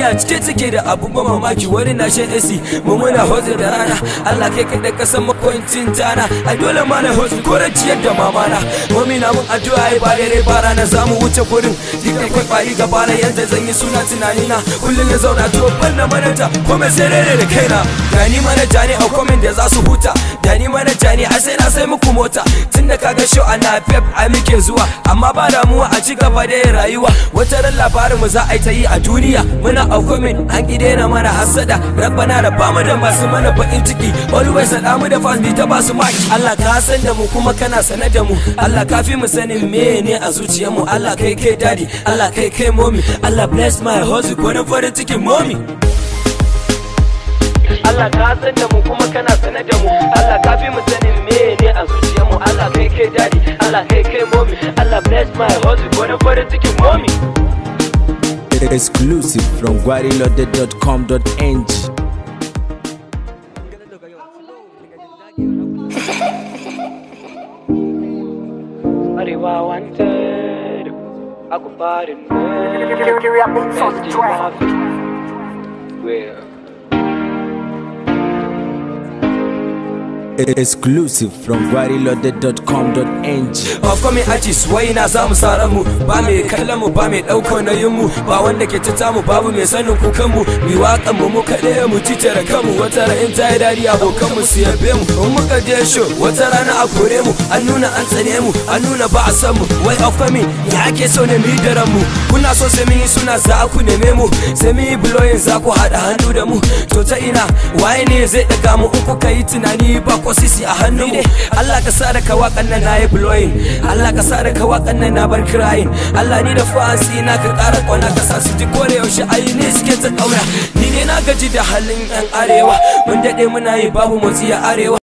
ya cike cike da abun ba mamaki wani na shan AC mu muna hozin da rana Allah kai kai da kasan makwancin tana a dole ma na hozin ko ciyar da mama na mami na mun addu'a ai ba dare ba rana zamu wuce gurin dukkan kai bari ga bara yanda zan yi suna tunani na kullun na zauna to ban na manaja ko mai sai rere da kaina gani manaja ne a comment da za su huta sai muku mota tunda kaga show na pep a muke zuwa amma ba damuwa a ci gaba da rayuwa wata ran labarin mu za a yi ta yi a duniya muna a komin an gide na mana hasada rabbana ba mu da masu mana bakin ciki always da mu da fans bi ta ba su maki Allah ka san da mu kuma kana sane da mu Allah ka fi mu sanin mene a zuciyar mu Allah kai kai daddy Allah kai kai mommy Allah bless my hustle gwanin farin ciki mommy Allah ka san da mu kuma kana sane da mu Allah ka fi mu sanin me Allah bless my house, Bora bora take mommy Exclusive from guarilode.com.ng Mariwa wanted I could buy the exclusive from gwariloaded.com.ng Upcoming artists wai na zamu sara mu ba mai kallon mu ba mai daukar nayin mu ba wanda ke tatamu mu babu mai sanin kukan mu mi waka mu mu kade mu cicere kanmu wata ra'in ta dadi abokan mu su yabe mu in muka je show wata rana a kore mu an nuna an tsane mu an nuna ba a san mu wai ya ake so ne mi daren mu kuna so sai mun suna za ku neme mu sai mun blowing za ku hada hannu da mu to ta ina waye ne zai daga mu uku kai tunani ba ko sisi a hannu ne Allah ka sa da ka wakan nan na yi blowing Allah ka sa da ka wakan nan na bar crying Allah ni da fasi na ka kara kwana ka sa su ji kore yaushe ayi ne suke ta kauna ni ne na gaji da halin yan arewa mun dade muna yi babu motsi a arewa